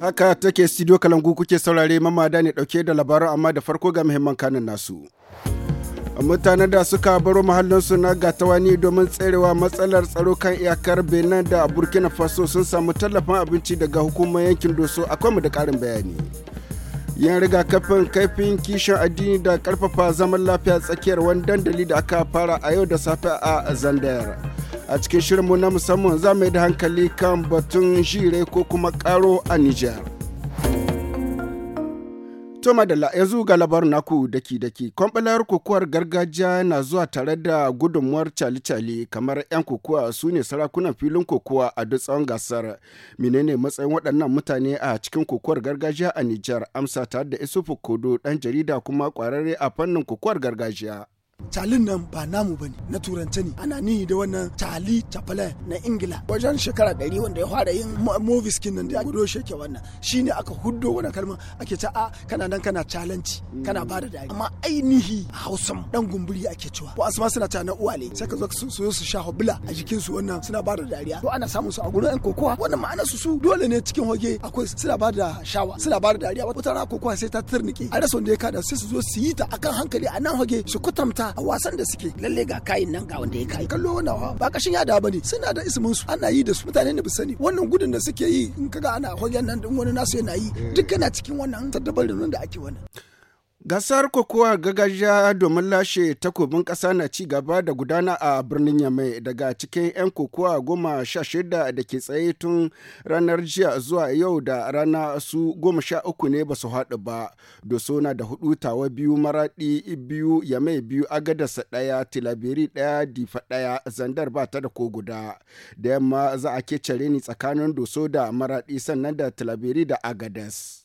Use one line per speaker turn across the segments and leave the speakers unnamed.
Haka take studio kalangu kuke saurare mamada ne dauke da labaran amma da farko ga muhimman kanin nasu. mutanen da suka baro mahallinsu na gatawani domin tserewa matsalar tsaro kan iyakar benin da burkina faso sun samu tallafin abinci daga hukumar yankin doso akwai mu da karin bayani. yin rigakafin kaifin kishin addini da karfafa zaman lafiya tsakiyar wani dandali da aka fara a yau da safe a zandayar a cikin shirinmu na musamman za mu yi da hankali kan batun jire ko kuma karo a nijar To da yanzu ga labarin naku daki-daki. Kwamfalar kokowar gargajiya na zuwa tare da gudunmuwar cali-cali kamar 'yan kokowa su ne sarakunan filin kokowa a duk tsawon gasar. Menene matsayin waɗannan mutane a cikin kokowar gargajiya a Nijar amsa tare da Isufu Kodo ɗan jarida kuma ƙwararre a fannin kokowar gargajiya. calin nan ba namu bane na turance ne ana ni da wannan cali chapala na ingila wajen shekara ɗari wanda ya fara yin movies kin nan da ya gudo sheke wannan shine aka huddo wannan kalma ake ta a ah, kana nan kana challenge kana mm. da dari amma ainihi a hausan dan gumburi ake cewa ko asma suna ta na uwale sai ka zo su su su sha hobila a jikin su wannan suna ba da dariya to ana samun su a gurin kokowa wannan ma'anar su su dole ne cikin hoge akwai suna ba da shawa suna ba da dariya wata rana kokowa sai ta turnike a rasa wanda ya kada sai su zo su yi ta akan hankali a nan hoge su kutamta a wasan da suke lalle ga kayan nan ga wanda ya kai kallo wannan ba kashin yada bane suna da ismin su ana yi da su mutane ne ba sani wannan gudun da suke yi in kaga ana hoyan nan din wani nasu yana yi eh. duk yana cikin wannan nan da ake wannan Gasar kokowa gagajiya domin lashe takobin ƙasa na ci gaba da gudana a birnin Yamai daga cikin 'yan kokowa goma sha shida da ke tsaye tun ranar jiya zuwa yau da rana su goma sha uku ne ba su haɗu ba. Doso na da hudu tawa biyu maraɗi biyu Yamai biyu agadasa ɗaya tilabiri ɗaya difa ɗaya zandar ba ta da ko guda. Da yamma za a kecare ni tsakanin doso da maraɗi sannan da tilabiri da agadas.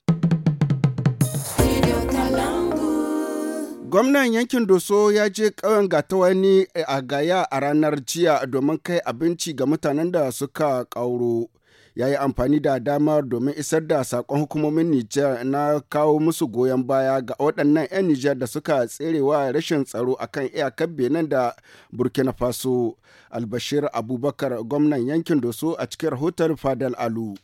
Gwamnan yankin Doso ya je gata Gatawani eh, a Gaya a ranar jiya domin kai abinci ga mutanen da suka ƙauro. Ya yi amfani da dama domin isar da sakon hukumomin Nijar na kawo musu goyon baya ga waɗannan 'yan Nijar da suka tserewa rashin tsaro akan iyakar Benin da Burkina Faso. Albashir Abubakar gwamnan yankin Doso
a cikin rahoton Fadal Alu.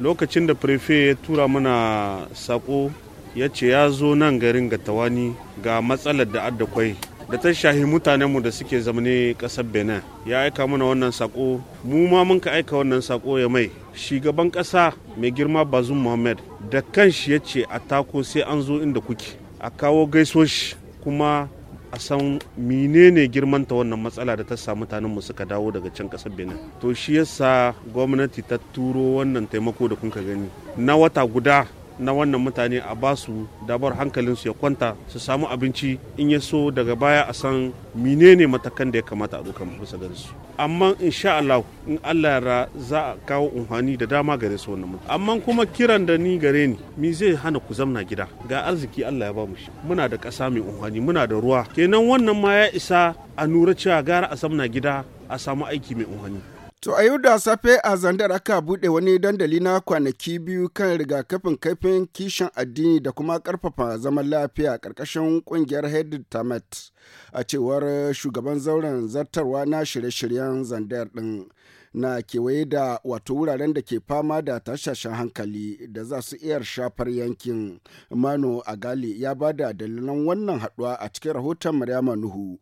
Lokacin da Prefe ya tura mana sako. ya ce ya zo nan garin ga tawani ga matsalar da adda kwai da ta shahi mutanenmu da suke zamane kasar benin ya aika mana wannan sako mu ma mun ka aika wannan sako ya mai shugaban kasa mai girma bazum muhammad da shi ya ce a tako sai an zo inda kuke a kawo gaisoshi kuma a san menene girmanta wannan matsala da ta sa mutanenmu suka dawo daga can kasar benin to shi yasa gwamnati ta turo wannan taimako da kun ka gani na wata guda na wannan mutane a basu dabar hankalinsu ya kwanta su samu abinci in ya so daga baya a san menene matakan da ya kamata a ɗauka bisa gare su amma insha Allah in Allah ya za a kawo unhani da dama gare su wannan mutane amma kuma kiran da ni gare ni mi zai hana ku zamna gida ga arziki Allah ya ba mu shi muna da kasa mai unhani muna da ruwa kenan wannan ma ya isa a nura cewa gara a zamna gida a samu aiki mai unhani To a yau da
safe a zandar aka buɗe wani dandali na kwanaki biyu kan rigakafin kaifin kishin addini da kuma ƙarfafa zaman lafiya ƙarƙashin ƙungiyar Headed Tamet a cewar shugaban zauren zartarwa na shirye-shiryen zandar ɗin na kewaye da wato wuraren da ke fama da tashashen hankali da za su iya shafar yankin. Mano a gali ya ba da dalilan wannan haɗuwa a cikin rahoton Maryama Nuhu.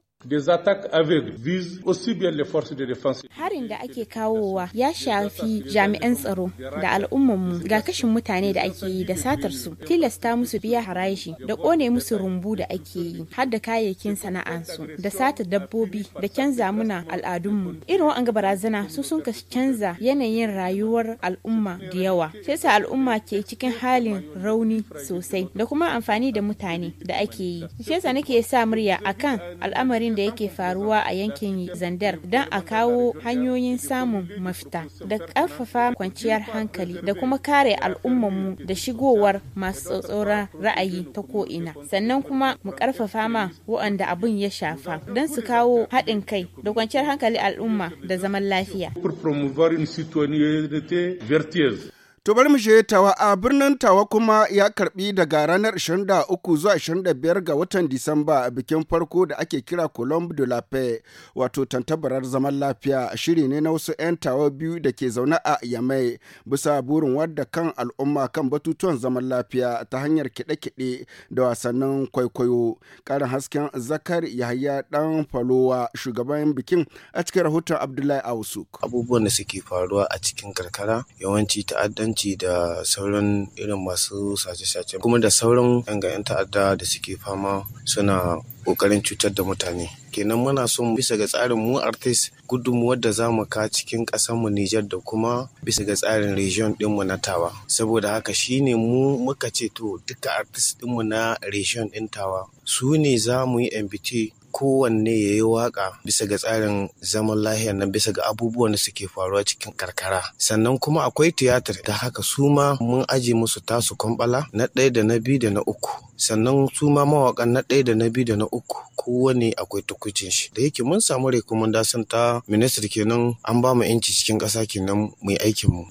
Harin da ake kawowa ya shafi jami'an tsaro da mu ga kashin mutane da ake yi da satar su, tilasta musu biya haraji da kone musu rumbu da ake yi, har da kayayyakin sana'ansu, da satar dabbobi da canza muna al'adunmu. Irin wa'an barazana su sun ka canza yanayin rayuwar al'umma da yawa. Sai sa al'umma ke cikin halin rauni sosai da kuma amfani da mutane da ake yi. Shi nake sa murya akan al'amarin matsalolin da yake faruwa a yankin Zandar don a kawo hanyoyin samun mafita da ƙarfafa kwanciyar hankali da kuma kare mu da shigowar masu tsatsoron ra'ayi ta ko'ina. Sannan kuma mu karfafa ma waɗanda abin ya shafa don su kawo haɗin kai da kwanciyar hankali al'umma da zaman lafiya.
To bari mu je tawa a birnin tawa kuma ya karbi daga ranar 23 zuwa 25 ga watan Disamba bikin farko da ake kira Colombe de la Paix wato tantabarar zaman lafiya shiri ne na wasu 'yan tawa biyu da ke zaune a Yamai bisa burin wadda kan al'umma kan batutuwan zaman lafiya ta hanyar kiɗe-kiɗe da wasannin kwaikwayo. Karin hasken Zakar Yahaya Dan Falowa shugaban bikin a cikin rahoton Abdullahi Ausuk. Abubuwan da suke faruwa a cikin karkara yawanci ta'addan ta'addanci da sauran irin masu sace-sace kuma da sauran 'yan ga 'yan ta'adda da suke fama suna kokarin cutar da mutane kenan muna son bisa ga tsarin mu artist gudunmu wadda za mu ka cikin mu Nijar da kuma bisa ga tsarin region ɗinmu na tawa saboda haka shine mu muka ce to duka artist ɗinmu na region ɗin tawa su ne za mu yi MBT kowanne ya yi waka bisa ga tsarin zaman lahiyar nan bisa ga abubuwan da suke faruwa cikin karkara sannan kuma akwai tiyatar da haka su ma mun aji musu tasu kwambala na ɗaya da na biyu da na uku sannan su ma mawakan na ɗaya da na biyu da na uku kowane akwai tukucin shi da yake mun samu rekomendasyon ta ministry kenan an ba mu yanci cikin ƙasa kenan mu aikin mu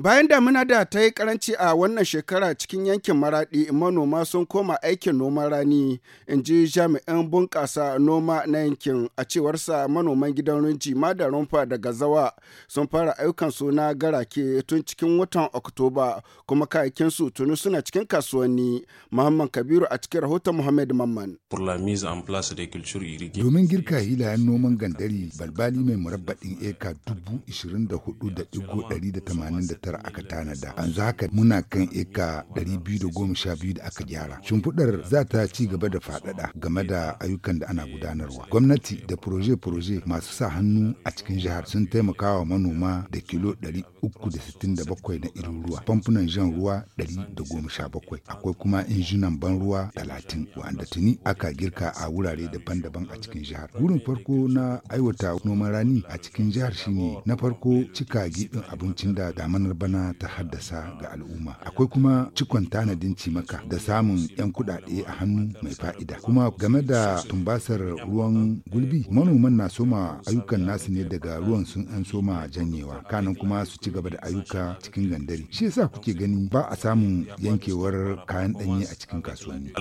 Bayan damina da ta yi karanci a wannan shekara cikin yankin Maraɗi, manoma sun koma aikin noman rani, in ji jami'in bunƙasa noma na yankin a cewarsa manoman gidan runji da rumfa daga zawa sun fara ayyukansu na garake tun cikin watan Oktoba kuma kayakinsu tuni suna cikin kasuwanni. Muhammad Kabiru a cikin rahoton Muhammad Mamman.
Domin
girka hilayen noman gandari balbali mai murabbaɗin eka dubu ishirin da hudu da digo ɗari da tamanin da hektar aka tanada yanzu haka muna kan eka 212 da aka gyara shimfiɗar za ta ci gaba da faɗaɗa game da ayyukan da ana gudanarwa gwamnati da proje-proje masu sa hannu a cikin jihar sun taimaka wa manoma da kilo 367 na irin ruwa famfunan jan ruwa 117 akwai kuma injinan ban ruwa 30 wanda tuni aka girka a wurare daban-daban a cikin jihar wurin farko na aiwata noman rani a cikin jihar shine na farko cika giɓin abincin da damanar bana ta haddasa ga al'umma akwai kuma cikon tanadin cimaka da samun 'yan kuɗaɗe a hannu mai fa'ida kuma game da tumbasar ruwan gulbi manoman na soma ayyukan nasu ne daga ruwan sun an soma janyewa kanan kuma su ci gaba da ayyuka cikin gandari shi yasa kuke gani ba a samun yankewar kayan ɗanye a cikin kasuwanni.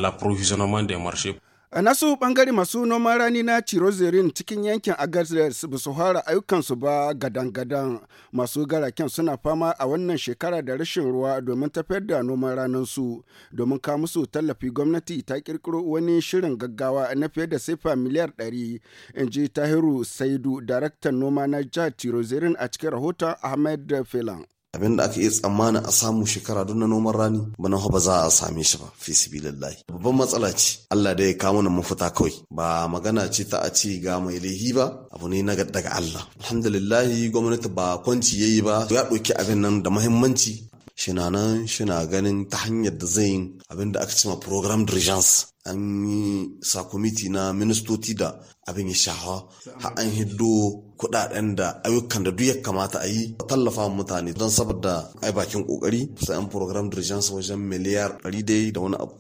A nasu bangare masu noman rani na
Cirozerin cikin yankin Agadez ba su fara ayyukansu ba gadan-gadan masu garaken suna fama a wannan shekara da rashin ruwa domin tafiyar da noman su, domin ka musu tallafi gwamnati ta kirkiro wani shirin gaggawa na fiye da sifa miliyar 100 in ji Tahiru Saidu daraktan noma na jihar Cirozerin a cikin rahoton Ahmed Felan.
abin da aka iya tsammanin a samu shekara don na noman rani Bana na ba za a same shi ba fi sibilillahi babban matsala ce Allah da ya kawo na mafita kawai ba magana ce ta a ce ga mai laihi ba abu ne na daga Allah alhamdulillahi gwamnati ba kwanci yayi ba ya ɗauki abin nan da muhimmanci shi na nan shi na ganin ta hanyar da zai yi abinda da aka cima program d'urgence an yi sa kwamiti na ministoci da abin ya shaha ha an hiddo kudaden da ayyukan da duk ya kamata a yi tallafa mutane don saboda ai bakin kokari sai an program d'urgence wajen miliyar 100 da wani abu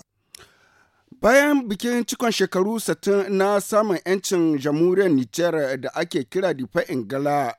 bayan bikin cikon shekaru 60 na samun 'yancin jamhuriyar nijar da ake kira difa ingila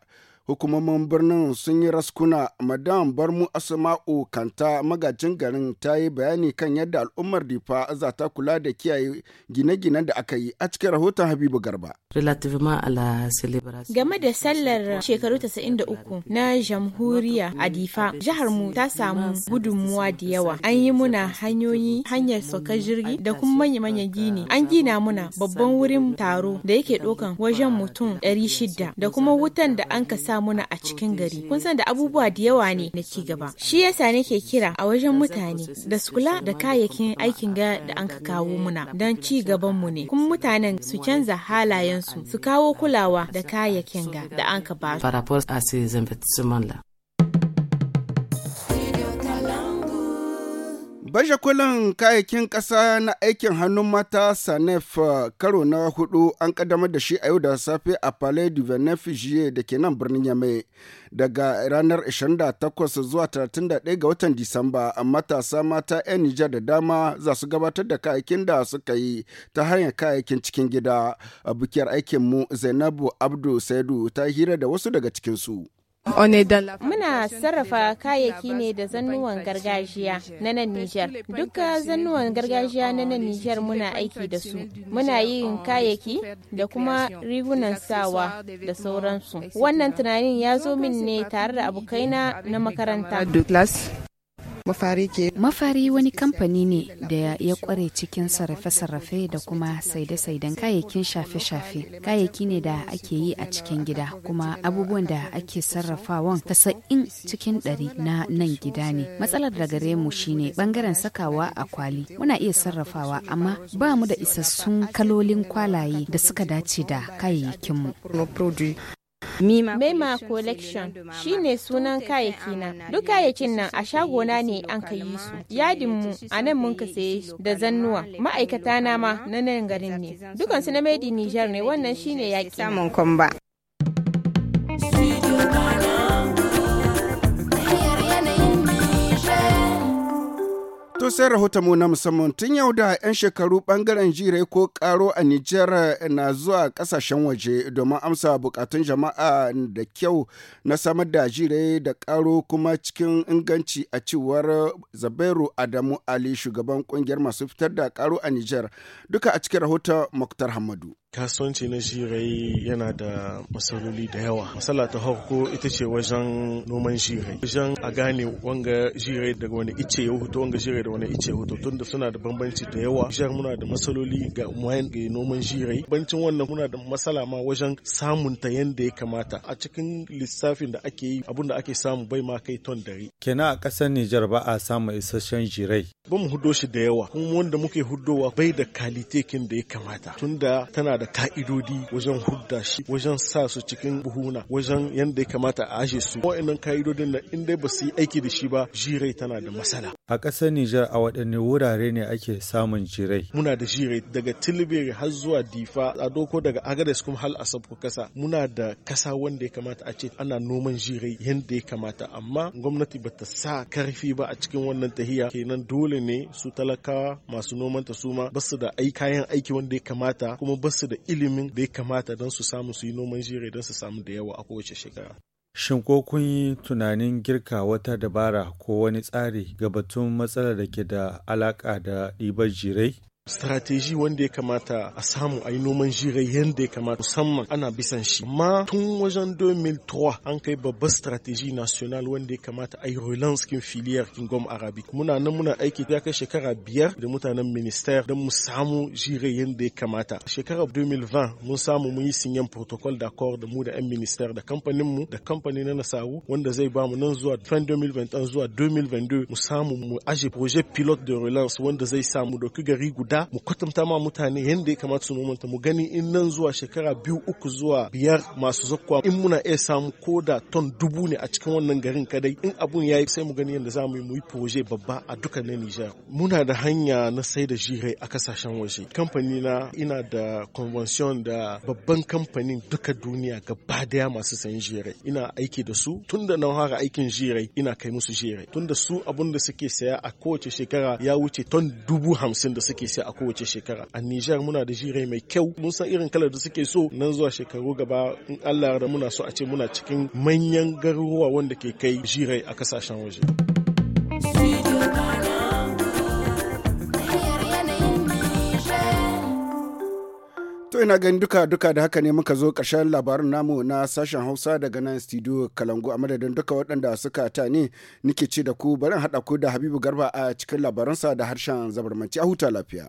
Hukumomin birnin sun yi raskuna madam Barmu Asma'u Kanta magajin garin ta yi bayani kan yadda al'ummar Difa za ta kula da kiyaye gine-ginen da aka yi a cikin rahoton Habibu Garba.
Game da sallar shekaru 93 na jamhuriya a Difa, jihar mu ta samu gudunmuwa da yawa. An yi muna hanyoyi hanyar saukar jirgi da kuma manya manya gini. An gina muna babban wurin taro da yake ɗaukan wajen mutum 600 da kuma wutan da an ka samu muna a cikin gari kun san da abubuwa da yawa ne na ci gaba shi yasa nake kira a wajen mutane da su kula da kayayyakin aikin ga da an kawo muna don ci gaban mu ne kuma mutanen su canza halayensu su kawo kulawa da kayayyakin ga da an ka ba
Baje kolin kayayyakin ƙasa na aikin hannun mata Sanef uh, karo na hudu an kaddamar da shi a yau da safe a Palais du Venefigie da ke nan birnin Yame daga ranar 28 zuwa 31 ga watan Disamba a matasa mata 'yan Nijar da dama za su gabatar da kayayyakin da suka yi ta hanyar kayayyakin cikin gida. A bukiyar aikinmu Zainabu Abdu Saidu ta hira da wasu daga cikinsu.
Muna sarrafa kayayyaki ne da zannuwan gargajiya na nan Nijar. Dukka zannuwan gargajiya na nan Nijar muna aiki da su. Muna yin kayayyaki da kuma rigunan sawa da sauransu. Wannan tunanin ya zo min ne tare da abokaina na makaranta. Mafari ke Mafari wani kamfani ne da ya kware cikin sarrafe-sarrafe da kuma saide-saiden kayayyakin shafe-shafe. Kayayyaki ne da ake yi a cikin gida kuma abubuwan da ake sarrafawan tasa'in cikin ɗari na nan gida ne. Matsalar da gare mu shine bangaren sakawa a kwali. Muna iya sarrafawa amma ba mu da isassun kalolin kwalaye da suka dace da kayayyakinmu. Mema Collection shi ne sunan kayayyaki na. Duk kayayyakin nan a shagona ne an ka yi su. Yadin mu a nan mun ka su da zannuwa. Ma'aikata na ma na nan garin ne. Dukansu na Made in Niger ne wannan shine yaƙi. Samun
To sai rahoton mu na musamman tun yau da 'yan shekaru bangaren jirai ko karo a Nijar eh, na zuwa kasashen waje domin amsa bukatun jama'a da kyau na samar da jirai da karo kuma cikin inganci a cewar Zabairu Adamu Ali shugaban kungiyar masu fitar da karo a Nijar duka a cikin rahoton Muktar Hamadu. kasuwanci na
shirai yana da matsaloli da yawa matsala ta harko ita ce wajen noman shirai wajen a gane wanga shirai daga wani ice ya hutu wanga shirai da wani ice ya hutu da suna da bambanci da yawa shirai muna da matsaloli ga mayan noman shirai bancin wannan muna da matsala ma wajen samun ta yanda ya kamata a cikin lissafin da ake yi abin da ake samu bai ma kai ton dari
kenan a ƙasar Nijar ba a samu isasshen jirai ba mu hudo shi da
yawa kuma wanda muke hudowa bai da kalitekin da ya kamata tunda tana da ka'idodi wajen hudda shi wajen sa su cikin buhuna wajen yadda ya kamata a ashe su wa'annan ka'idodin na in dai ba su yi aiki da shi ba jirai tana da matsala
a ƙasar Nijar a waɗanne wurare ne ake samun jirai
muna da jirai daga Tilbiri har zuwa Difa a doko daga Agades kuma hal ku kasa muna da kasa wanda ya kamata a ce ana noman jirai yadda ya kamata amma gwamnati ba ta sa karfi ba a cikin wannan tahiya kenan dole ne su talakawa masu noman ta suma basu da ai kayan aiki wanda ya kamata kuma basu da ilimin da ya kamata don su samu su yi noman jire don su samu da yawa a kowace shekara.
Shin ko kun yi tunanin girka wata dabara ko wani tsari ga batun matsalar da ke da alaƙa da ɗibar jirai? strateji wanda ya kamata a samu a yi noman jirai yadda ya kamata
musamman ana bisan shi amma tun wajen 2003 an kai babbar strateji national wanda ya kamata a yi relance kin filiyar kingdom arabic muna nan muna aiki ya kai shekara biyar da mutanen minister don mu samu jirai yadda ya kamata shekara 2020 mun samu mun yi sinyan protocol da da mu da yan minister da kamfanin mu da kamfani na nasaru wanda zai ba mu nan zuwa 2021 zuwa 2022 mu samu mu aje projet pilot de relance wanda zai samu doki gari guda yarda mu kwatanta ma mutane yadda ya kamata su nomanta mu gani in nan zuwa shekara biyu uku zuwa biyar masu zakkuwa in muna iya samu ko da ton dubu ne a cikin wannan garin kadai in abun ya yi sai mu gani yadda za mu yi mu yi proje babba a na Nijar. Muna da hanya na sai da jirai a kasashen waje. Kamfani na ina da convention da babban kamfanin duka duniya gaba daya masu sayan jirai. Ina aiki da su tun da na fara aikin jirai ina kai musu jirai. Tun da su abun da suke saya a kowace shekara ya wuce ton dubu hamsin da suke saya ake a kowace shekara a Nijar muna da jirai mai kyau mun san irin kalar da suke so nan zuwa shekaru gaba in Allah da muna so a ce muna cikin manyan garuruwa wanda ke kai jirai a kasashen waje.
ina ganin duka duka da haka ne muka zo ƙarshen labarin namu na sashen Hausa daga nan studio Kalangu a madadin duka waɗanda suka ta ne nike ce da ku barin haɗa ku da Habibu Garba a cikin labaransa da harshen zabarmanci a huta lafiya.